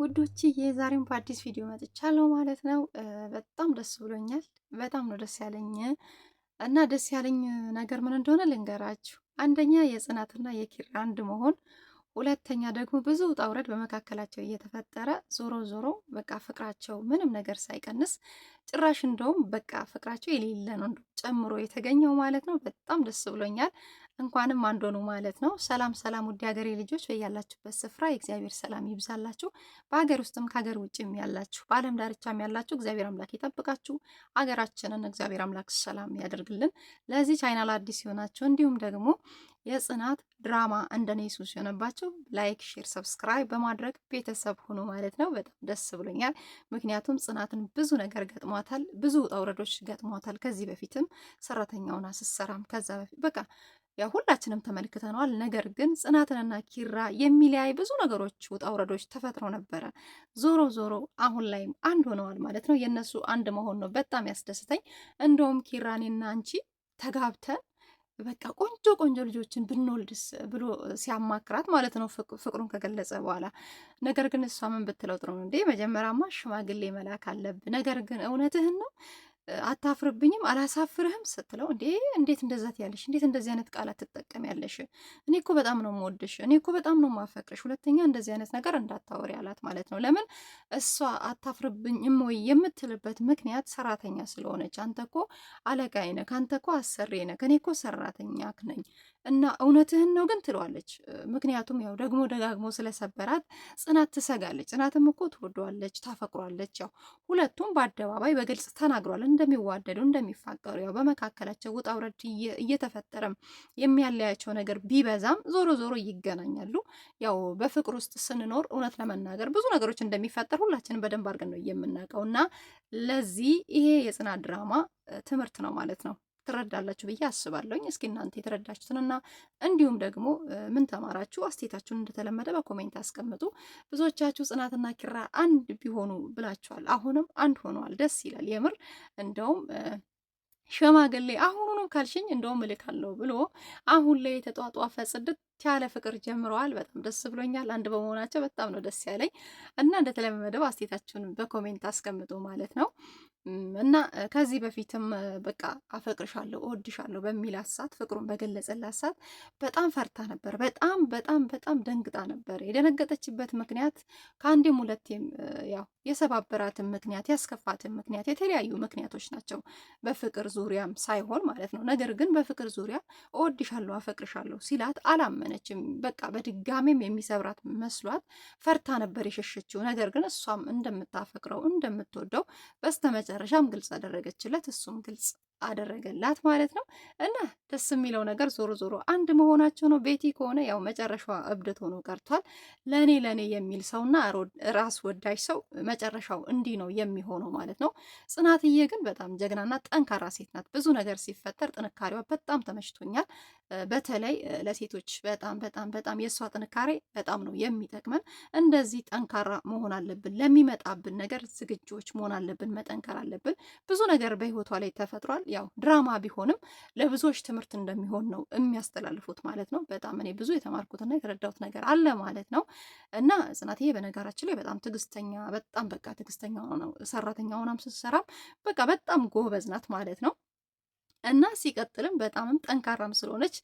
ውዶች የዛሬን በአዲስ ቪዲዮ መጥቻለሁ ማለት ነው። በጣም ደስ ብሎኛል። በጣም ነው ደስ ያለኝ እና ደስ ያለኝ ነገር ምን እንደሆነ ልንገራችሁ። አንደኛ የጽናትና የኪራ አንድ መሆን፣ ሁለተኛ ደግሞ ብዙ ውጣ ውረድ በመካከላቸው እየተፈጠረ ዞሮ ዞሮ በቃ ፍቅራቸው ምንም ነገር ሳይቀንስ ጭራሽ እንደውም በቃ ፍቅራቸው የሌለ ነው ጨምሮ የተገኘው ማለት ነው። በጣም ደስ ብሎኛል። እንኳንም አንድ ሆኑ ማለት ነው። ሰላም ሰላም፣ ውድ ሀገሬ ልጆች በያላችሁበት ስፍራ የእግዚአብሔር ሰላም ይብዛላችሁ። በሀገር ውስጥም ከሀገር ውጭም ያላችሁ በዓለም ዳርቻም ያላችሁ እግዚአብሔር አምላክ ይጠብቃችሁ። ሀገራችንን እግዚአብሔር አምላክ ሰላም ያደርግልን። ለዚህ ቻይናል አዲስ ሲሆናችሁ እንዲሁም ደግሞ የጽናት ድራማ እንደኔ ሱስ የሆነባችሁ ላይክ፣ ሼር፣ ሰብስክራይብ በማድረግ ቤተሰብ ሆኖ ማለት ነው። በጣም ደስ ብሎኛል። ምክንያቱም ጽናትን ብዙ ነገር ገጥሟታል፣ ብዙ ውጣ ውረዶች ገጥሟታል። ከዚህ በፊትም ሰራተኛውን አስሰራም ከዛ በፊት በቃ ያው ሁላችንም ተመልክተነዋል። ነገር ግን ጽናትንና ኪራ የሚለያይ ብዙ ነገሮች ውጣ ውረዶች ተፈጥሮ ነበረ። ዞሮ ዞሮ አሁን ላይም አንድ ሆነዋል ማለት ነው። የእነሱ አንድ መሆን ነው በጣም ያስደስተኝ። እንደውም ኪራኔና አንቺ ተጋብተን በቃ ቆንጆ ቆንጆ ልጆችን ብንወልድስ ብሎ ሲያማክራት ማለት ነው ፍቅሩን ከገለጸ በኋላ። ነገር ግን እሷ ምን ብትለው ጥሩ ነው እንዴ? መጀመሪያማ ሽማግሌ መላክ አለብ። ነገር ግን እውነትህን ነው አታፍርብኝም አላሳፍርህም ስትለው እንዴ እንዴት እንደዛ ትያለሽ? እንዴት እንደዚህ አይነት ቃላት ትጠቀሚያለሽ? እኔ እኮ በጣም ነው የምወድሽ፣ እኔ እኮ በጣም ነው የማፈቅርሽ። ሁለተኛ እንደዚህ አይነት ነገር እንዳታወሪ አላት ማለት ነው። ለምን እሷ አታፍርብኝም ወይ የምትልበት ምክንያት ሰራተኛ ስለሆነች፣ አንተ እኮ አለቃዬ ነህ፣ አንተ እኮ አሰሪ ነህ፣ እኔ እኮ ሰራተኛ ነኝ እና እውነትህን ነው ግን ትለዋለች። ምክንያቱም ያው ደግሞ ደጋግሞ ስለሰበራት ጽናት ትሰጋለች። ጽናትም እኮ ትወደዋለች፣ ታፈቅሯለች። ያው ሁለቱም በአደባባይ በግልጽ ተናግሯል እንደሚዋደዱ፣ እንደሚፋቀሩ ያው በመካከላቸው ውጣ ውረድ እየተፈጠረም የሚያለያቸው ነገር ቢበዛም ዞሮ ዞሮ ይገናኛሉ። ያው በፍቅር ውስጥ ስንኖር እውነት ለመናገር ብዙ ነገሮች እንደሚፈጠር ሁላችንም በደንብ አድርገን ነው የምናውቀው እና ለዚህ ይሄ የጽናት ድራማ ትምህርት ነው ማለት ነው። ትረዳላችሁ ብዬ አስባለሁኝ። እስኪ እናንተ የተረዳችሁትንና እንዲሁም ደግሞ ምን ተማራችሁ አስተያየታችሁን እንደተለመደ በኮሜንት አስቀምጡ። ብዙዎቻችሁ ጽናትና ኪራ አንድ ቢሆኑ ብላችኋል። አሁንም አንድ ሆነዋል። ደስ ይላል የምር እንደውም ሸማግሌ አሁኑኑ ካልሽኝ እንደውም እልካለሁ ብሎ አሁን ላይ የተጧጧፈ ጽድት ያለ ፍቅር ጀምረዋል። በጣም ደስ ብሎኛል። አንድ በመሆናቸው በጣም ነው ደስ ያለኝ እና እንደተለመደው አስቴታችሁን በኮሜንት አስቀምጡ ማለት ነው። እና ከዚህ በፊትም በቃ አፈቅርሻለሁ እወድሻለሁ በሚል ሰዓት ፍቅሩን በገለጸላት ሰዓት በጣም ፈርታ ነበር። በጣም በጣም በጣም ደንግጣ ነበር። የደነገጠችበት ምክንያት ከአንዴም ሁለቴም ያው የሰባበራትን ምክንያት ያስከፋትን ምክንያት የተለያዩ ምክንያቶች ናቸው። በፍቅር ዙሪያም ሳይሆን ማለት ነው። ነገር ግን በፍቅር ዙሪያ እወድሻለሁ አፈቅርሻለሁ ሲላት አላመነችም። በቃ በድጋሜም የሚሰብራት መስሏት ፈርታ ነበር የሸሸችው። ነገር ግን እሷም እንደምታፈቅረው እንደምትወደው በስተመጨ በመጨረሻም ግልጽ አደረገችለት፣ እሱም ግልጽ አደረገላት ማለት ነው። እና ደስ የሚለው ነገር ዞሮ ዞሮ አንድ መሆናቸው ነው። ቤቲ ከሆነ ያው መጨረሻዋ እብደት ሆኖ ቀርቷል። ለእኔ ለእኔ የሚል ሰውና ራስ ወዳጅ ሰው መጨረሻው እንዲህ ነው የሚሆነው ማለት ነው። ጽናትዬ ግን በጣም ጀግናና ጠንካራ ሴት ናት። ብዙ ነገር ሲፈጠር ጥንካሬዋ በጣም ተመችቶኛል። በተለይ ለሴቶች በጣም በጣም በጣም የእሷ ጥንካሬ በጣም ነው የሚጠቅመን። እንደዚህ ጠንካራ መሆን አለብን፣ ለሚመጣብን ነገር ዝግጆች መሆን አለብን፣ መጠንከር አለብን። ብዙ ነገር በህይወቷ ላይ ተፈጥሯል። ያው ድራማ ቢሆንም ለብዙዎች ትምህርት እንደሚሆን ነው የሚያስተላልፉት ማለት ነው። በጣም እኔ ብዙ የተማርኩትና የተረዳሁት ነገር አለ ማለት ነው። እና ጽናትዬ በነገራችን ላይ በጣም ትዕግስተኛ በጣም በቃ ትዕግስተኛ ነው ሰራተኛ ሆናም ስትሰራም በቃ በጣም ጎበዝ ናት ማለት ነው። እና ሲቀጥልም በጣምም ጠንካራም ስለሆነች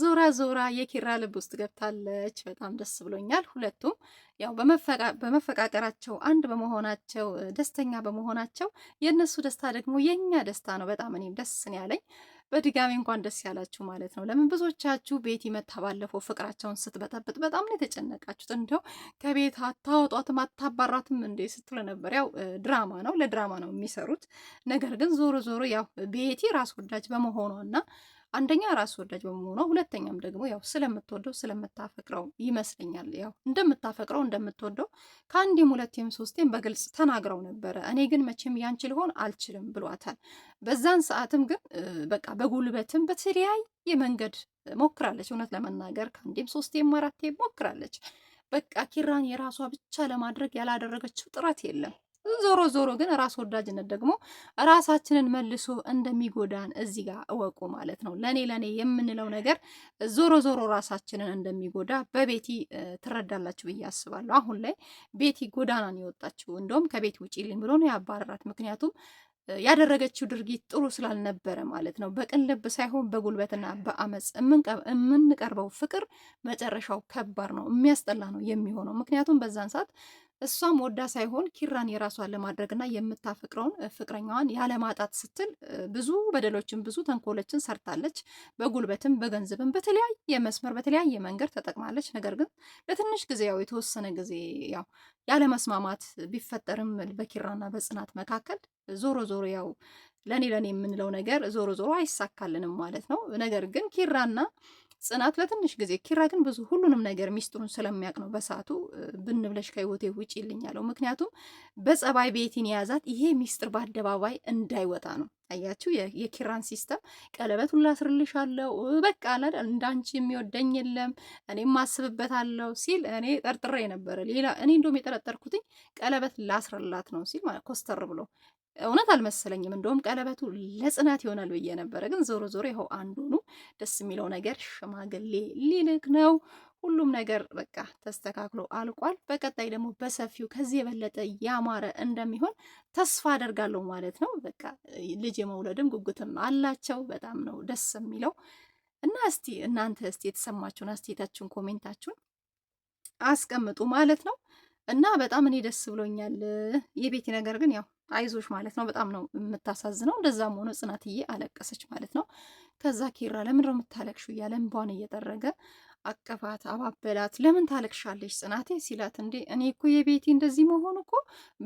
ዞራ ዞራ የኪራ ልብ ውስጥ ገብታለች። በጣም ደስ ብሎኛል። ሁለቱም ያው በመፈቃቀራቸው አንድ በመሆናቸው ደስተኛ በመሆናቸው የእነሱ ደስታ ደግሞ የእኛ ደስታ ነው። በጣም እኔም ደስ ነው ያለኝ። በድጋሚ እንኳን ደስ ያላችሁ ማለት ነው። ለምን ብዙዎቻችሁ ቤቲ መታ ባለፈው ፍቅራቸውን ስትበጠብጥ በጣም ነው የተጨነቃችሁት። እንደው ከቤት አታወጧትም አታባራትም እንዴ ስትሉ ነበር። ያው ድራማ ነው፣ ለድራማ ነው የሚሰሩት። ነገር ግን ዞሮ ዞሮ ያው ቤቲ ራስ ወዳጅ በመሆኗ በመሆኗና አንደኛ ራስ ወዳጅ በመሆኗ፣ ሁለተኛም ደግሞ ያው ስለምትወደው ስለምታፈቅረው ይመስለኛል። ያው እንደምታፈቅረው እንደምትወደው ከአንዴም ሁለቴም ሶስቴም በግልጽ ተናግረው ነበረ። እኔ ግን መቼም ያንቺ ልሆን አልችልም ብሏታል። በዛን ሰዓትም ግን በቃ በጉልበትም በተለያየ መንገድ ሞክራለች። እውነት ለመናገር ከአንዴም ሶስቴም አራቴም ሞክራለች። በቃ ኪራን የራሷ ብቻ ለማድረግ ያላደረገችው ጥረት የለም። ዞሮ ዞሮ ግን ራስ ወዳጅነት ደግሞ ራሳችንን መልሶ እንደሚጎዳን እዚህ ጋር እወቁ ማለት ነው። ለኔ ለኔ የምንለው ነገር ዞሮ ዞሮ ራሳችንን እንደሚጎዳ በቤቲ ትረዳላችሁ ብዬ አስባለሁ። አሁን ላይ ቤቲ ጎዳናን የወጣችው እንደውም ከቤት ውጪ ብሎ ነው ያባረራት። ምክንያቱም ያደረገችው ድርጊት ጥሩ ስላልነበረ ማለት ነው። በቅን ልብ ሳይሆን በጉልበትና በአመፅ የምንቀርበው ፍቅር መጨረሻው ከባድ ነው፣ የሚያስጠላ ነው የሚሆነው። ምክንያቱም በዛን ሰዓት እሷም ወዳ ሳይሆን ኪራን የራሷን ለማድረግና የምታፈቅረውን ፍቅረኛዋን ያለማጣት ስትል ብዙ በደሎችን ብዙ ተንኮሎችን ሰርታለች። በጉልበትም በገንዘብም በተለያየ መስመር በተለያየ መንገድ ተጠቅማለች። ነገር ግን ለትንሽ ጊዜ ያው የተወሰነ ጊዜ ያው ያለመስማማት ቢፈጠርም በኪራና በጽናት መካከል ዞሮ ዞሮ ያው ለኔ ለኔ የምንለው ነገር ዞሮ ዞሮ አይሳካልንም ማለት ነው። ነገር ግን ኪራና ጽናት ለትንሽ ጊዜ፣ ኪራ ግን ብዙ ሁሉንም ነገር ሚስጥሩን ስለሚያውቅ ነው በሳቱ ብንብለሽ ከህይወቴ ውጭ ይልኝ ያለው። ምክንያቱም በጸባይ ቤቲን የያዛት ይሄ ሚስጥር በአደባባይ እንዳይወጣ ነው። አያችሁ የኪራን ሲስተም፣ ቀለበቱን ላስርልሽ አለው። በቃ አላል እንዳንቺ የሚወደኝ የለም እኔ ማስብበት አለው ሲል እኔ ጠርጥሬ ነበረ። ሌላ እኔ እንደውም የጠረጠርኩትኝ ቀለበት ላስርላት ነው ሲል ማለት ኮስተር ብሎ እውነት አልመሰለኝም። እንደውም ቀለበቱ ለጽናት ይሆናል ብዬ ነበረ። ግን ዞሮ ዞሮ ይኸው አንዱ ነው። ደስ የሚለው ነገር ሽማግሌ ሊልክ ነው። ሁሉም ነገር በቃ ተስተካክሎ አልቋል። በቀጣይ ደግሞ በሰፊው ከዚህ የበለጠ ያማረ እንደሚሆን ተስፋ አደርጋለሁ ማለት ነው። በቃ ልጅ የመውለድም ጉጉትም አላቸው። በጣም ነው ደስ የሚለው እና እስቲ እናንተ እስቲ የተሰማችሁን አስተያየታችሁን ኮሜንታችሁን አስቀምጡ ማለት ነው። እና በጣም እኔ ደስ ብሎኛል። የቤቲ ነገር ግን ያው አይዞሽ ማለት ነው። በጣም ነው የምታሳዝነው። እንደዛም ሆኖ ጽናትዬ አለቀሰች ማለት ነው። ከዛ ኪራ ለምንድነው የምታለቅሹ እያለ እንባን እየጠረገ አቀፋት፣ አባበላት። ለምን ታለቅሻለሽ ጽናቴ ሲላት፣ እንዴ እኔ እኮ የቤቲ እንደዚህ መሆን እኮ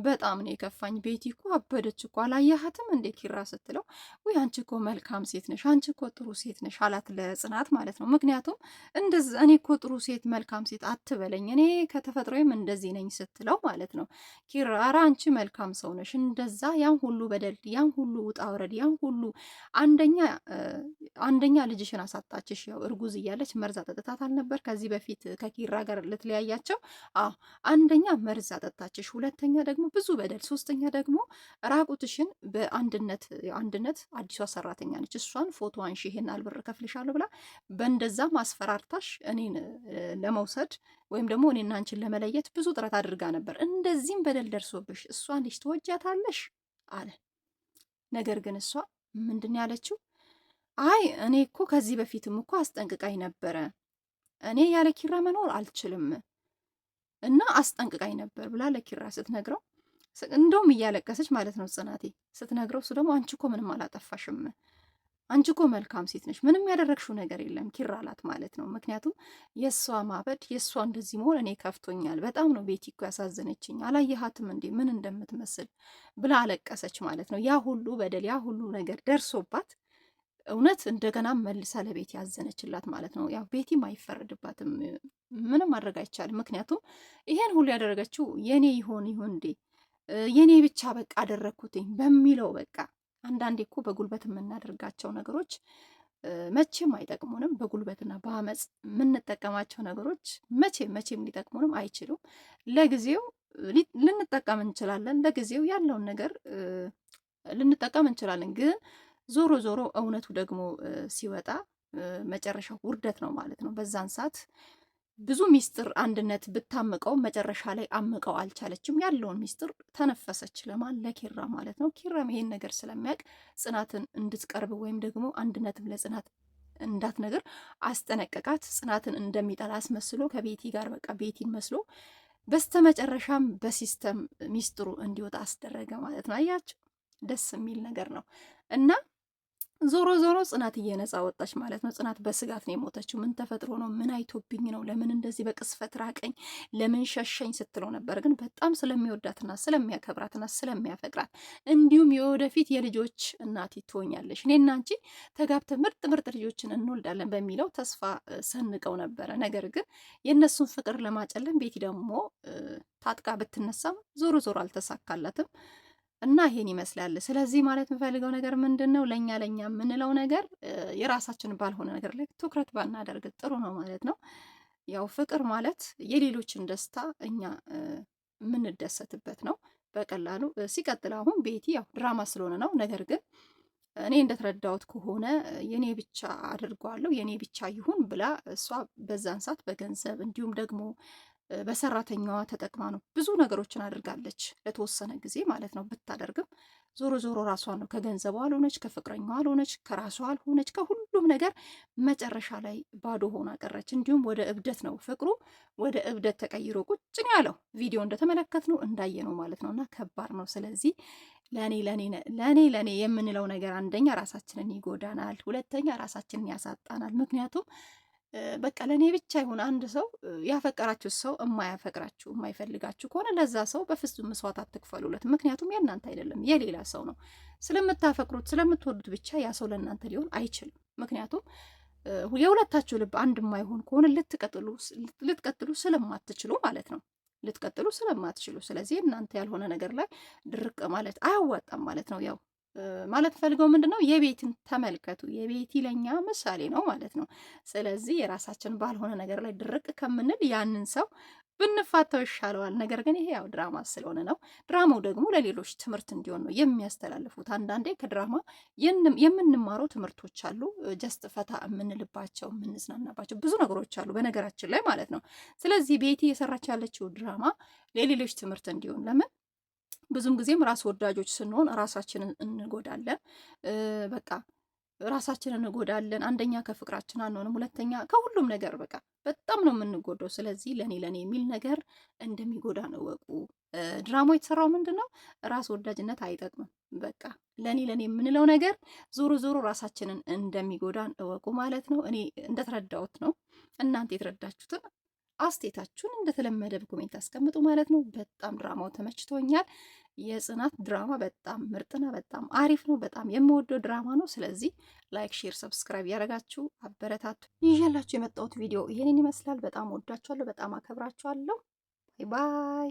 በጣም ነው የከፋኝ። ቤቲ እኮ አበደች እኮ አላያሃትም እንዴ ኪራ ስትለው፣ ወይ አንቺ እኮ መልካም ሴት ነሽ፣ አንቺ እኮ ጥሩ ሴት ነሽ አላት ለጽናት ማለት ነው። ምክንያቱም እንደዚ እኔ እኮ ጥሩ ሴት መልካም ሴት አትበለኝ፣ እኔ ከተፈጥሮዬም እንደዚህ ነኝ ስትለው ማለት ነው። ኪራ ኧረ አንቺ መልካም ሰው ነሽ፣ እንደዛ ያን ሁሉ በደል፣ ያን ሁሉ ውጣ ውረድ፣ ያን ሁሉ አንደኛ አንደኛ ልጅሽን አሳጣችሽ፣ ያው እርጉዝ እያለች መርዛ ጠጥታታ አልሰማን ነበር ከዚህ በፊት ከኪራ ጋር ልትለያያቸው። አዎ አንደኛ መርዝ አጠጣችሽ፣ ሁለተኛ ደግሞ ብዙ በደል፣ ሶስተኛ ደግሞ ራቁትሽን በአንድነት አንድነት አዲሷ ሰራተኛ ነች፣ እሷን ፎቶ አንሺ፣ ይሄን አልብር ከፍልሻለሁ ብላ በእንደዛ ማስፈራርታሽ እኔን ለመውሰድ ወይም ደግሞ እኔና አንቺን ለመለየት ብዙ ጥረት አድርጋ ነበር። እንደዚህም በደል ደርሶብሽ እሷን ልጅ ትወጃታለሽ አለ። ነገር ግን እሷ ምንድን ያለችው? አይ እኔ እኮ ከዚህ በፊትም እኮ አስጠንቅቃኝ ነበረ እኔ ያለ ኪራ መኖር አልችልም እና አስጠንቅቃኝ ነበር ብላ ለኪራ ስትነግረው እንደውም እያለቀሰች ማለት ነው ጽናቴ ስትነግረው፣ እሱ ደግሞ አንቺ እኮ ምንም አላጠፋሽም፣ አንቺ እኮ መልካም ሴት ነች ምንም ያደረግሽው ነገር የለም ኪራ አላት ማለት ነው። ምክንያቱም የእሷ ማበድ የእሷ እንደዚህ መሆን እኔ ከፍቶኛል፣ በጣም ነው ቤቲ እኮ ያሳዘነችኝ፣ አላየሃትም እንዴ ምን እንደምትመስል ብላ አለቀሰች ማለት ነው። ያ ሁሉ በደል ያ ሁሉ ነገር ደርሶባት እውነት እንደገና መልሳ ለቤቲ ያዘነችላት ማለት ነው። ያው ቤቲም አይፈረድባትም፣ ምንም ማድረግ አይቻልም። ምክንያቱም ይሄን ሁሉ ያደረገችው የኔ ይሆን ይሁን እንዴ የኔ ብቻ በቃ አደረግኩትኝ በሚለው በቃ አንዳንዴ እኮ በጉልበት የምናደርጋቸው ነገሮች መቼም አይጠቅሙንም። በጉልበትና በአመፅ የምንጠቀማቸው ነገሮች መቼም መቼም ሊጠቅሙንም አይችሉም። ለጊዜው ልንጠቀም እንችላለን፣ ለጊዜው ያለውን ነገር ልንጠቀም እንችላለን ግን ዞሮ ዞሮ እውነቱ ደግሞ ሲወጣ መጨረሻው ውርደት ነው ማለት ነው። በዛን ሰዓት ብዙ ሚስጥር አንድነት ብታምቀው መጨረሻ ላይ አምቀው አልቻለችም። ያለውን ሚስጥር ተነፈሰች። ለማን ለኪራ ማለት ነው። ኪራም ይሄን ነገር ስለሚያውቅ ጽናትን እንድትቀርብ ወይም ደግሞ አንድነትም ለጽናት እንዳት ነገር አስጠነቀቃት። ጽናትን እንደሚጠላ አስመስሎ ከቤቲ ጋር በቃ ቤቲን መስሎ በስተመጨረሻም በሲስተም ሚስጥሩ እንዲወጣ አስደረገ ማለት ነው። አያቸው ደስ የሚል ነገር ነው እና ዞሮ ዞሮ ጽናት እየነጻ ወጣች ማለት ነው። ጽናት በስጋት ነው የሞተችው። ምን ተፈጥሮ ነው? ምን አይቶብኝ ነው? ለምን እንደዚህ በቅስፈት ራቀኝ? ለምን ሸሸኝ ስትለው ነበር። ግን በጣም ስለሚወዳትና ስለሚያከብራትና ስለሚያፈቅራት እንዲሁም የወደፊት የልጆች እናት ትሆኛለሽ፣ እኔና አንቺ ተጋብተ ምርጥ ምርጥ ልጆችን እንወልዳለን በሚለው ተስፋ ሰንቀው ነበረ። ነገር ግን የእነሱን ፍቅር ለማጨለም ቤቲ ደግሞ ታጥቃ ብትነሳም ዞሮ ዞሮ አልተሳካላትም። እና ይሄን ይመስላል። ስለዚህ ማለት የምፈልገው ነገር ምንድን ነው፣ ለእኛ ለእኛ የምንለው ነገር የራሳችን ባልሆነ ነገር ላይ ትኩረት ባናደርግ ጥሩ ነው ማለት ነው። ያው ፍቅር ማለት የሌሎችን ደስታ እኛ የምንደሰትበት ነው በቀላሉ። ሲቀጥል አሁን ቤቲ ያው ድራማ ስለሆነ ነው። ነገር ግን እኔ እንደተረዳሁት ከሆነ የኔ ብቻ አድርጓለሁ የኔ ብቻ ይሁን ብላ እሷ በዛን ሰዓት በገንዘብ እንዲሁም ደግሞ በሰራተኛዋ ተጠቅማ ነው ብዙ ነገሮችን አድርጋለች። ለተወሰነ ጊዜ ማለት ነው ብታደርግም ዞሮ ዞሮ ራሷ ነው ከገንዘቧ አልሆነች፣ ከፍቅረኛዋ አልሆነች፣ ከራሷ አልሆነች፣ ከሁሉም ነገር መጨረሻ ላይ ባዶ ሆና ቀረች። እንዲሁም ወደ እብደት ነው ፍቅሩ ወደ እብደት ተቀይሮ ቁጭ ነው ያለው። ቪዲዮ እንደተመለከት ነው እንዳየ ነው ማለት ነው እና ከባድ ነው። ስለዚህ ለእኔ ለእኔ ለእኔ የምንለው ነገር አንደኛ ራሳችንን ይጎዳናል፣ ሁለተኛ ራሳችንን ያሳጣናል። ምክንያቱም በቃ ለእኔ ብቻ ይሁን። አንድ ሰው ያፈቀራችሁ ሰው የማያፈቅራችሁ የማይፈልጋችሁ ከሆነ ለዛ ሰው በፍጹም መስዋዕት አትክፈሉለት። ምክንያቱም የእናንተ አይደለም የሌላ ሰው ነው። ስለምታፈቅሩት ስለምትወዱት ብቻ ያ ሰው ለእናንተ ሊሆን አይችልም። ምክንያቱም የሁለታችሁ ልብ አንድ የማይሆን ከሆነ ልትቀጥሉ ስለማትችሉ ማለት ነው ልትቀጥሉ ስለማትችሉ ስለዚህ እናንተ ያልሆነ ነገር ላይ ድርቅ ማለት አያዋጣም ማለት ነው ያው ማለት ፈልገው ምንድን ነው የቤትን ተመልከቱ። የቤቲ ለኛ ምሳሌ ነው ማለት ነው። ስለዚህ የራሳችን ባልሆነ ነገር ላይ ድርቅ ከምንል ያንን ሰው ብንፋታው ይሻለዋል። ነገር ግን ይሄ ያው ድራማ ስለሆነ ነው። ድራማው ደግሞ ለሌሎች ትምህርት እንዲሆን ነው የሚያስተላልፉት። አንዳንዴ ከድራማ የምንማረው ትምህርቶች አሉ። ጀስት ፈታ የምንልባቸው የምንዝናናባቸው ብዙ ነገሮች አሉ በነገራችን ላይ ማለት ነው። ስለዚህ ቤቲ እየሰራች ያለችው ድራማ ለሌሎች ትምህርት እንዲሆን ለምን ብዙም ጊዜም ራስ ወዳጆች ስንሆን ራሳችንን እንጎዳለን። በቃ ራሳችንን እንጎዳለን። አንደኛ ከፍቅራችን አንሆንም፣ ሁለተኛ ከሁሉም ነገር በቃ በጣም ነው የምንጎዳው። ስለዚህ ለኔ ለኔ የሚል ነገር እንደሚጎዳን እወቁ። ድራማ የተሰራው ምንድን ነው? ራስ ወዳጅነት አይጠቅምም። በቃ ለኔ ለኔ የምንለው ነገር ዞሮ ዞሮ ራሳችንን እንደሚጎዳን እወቁ ማለት ነው። እኔ እንደተረዳሁት ነው። እናንተ የተረዳችሁትን አስቴታችሁን እንደተለመደ በኮሜንት አስቀምጡ ማለት ነው። በጣም ድራማው ተመችቶኛል። የጽናት ድራማ በጣም ምርጥና በጣም አሪፍ ነው። በጣም የምወደው ድራማ ነው። ስለዚህ ላይክ፣ ሼር፣ ሰብስክራይብ ያደረጋችሁ አበረታቱ። ይዤላችሁ የመጣሁት ቪዲዮ ይሄንን ይመስላል። በጣም ወዳችኋለሁ። በጣም አከብራችኋለሁ። ባይ ባይ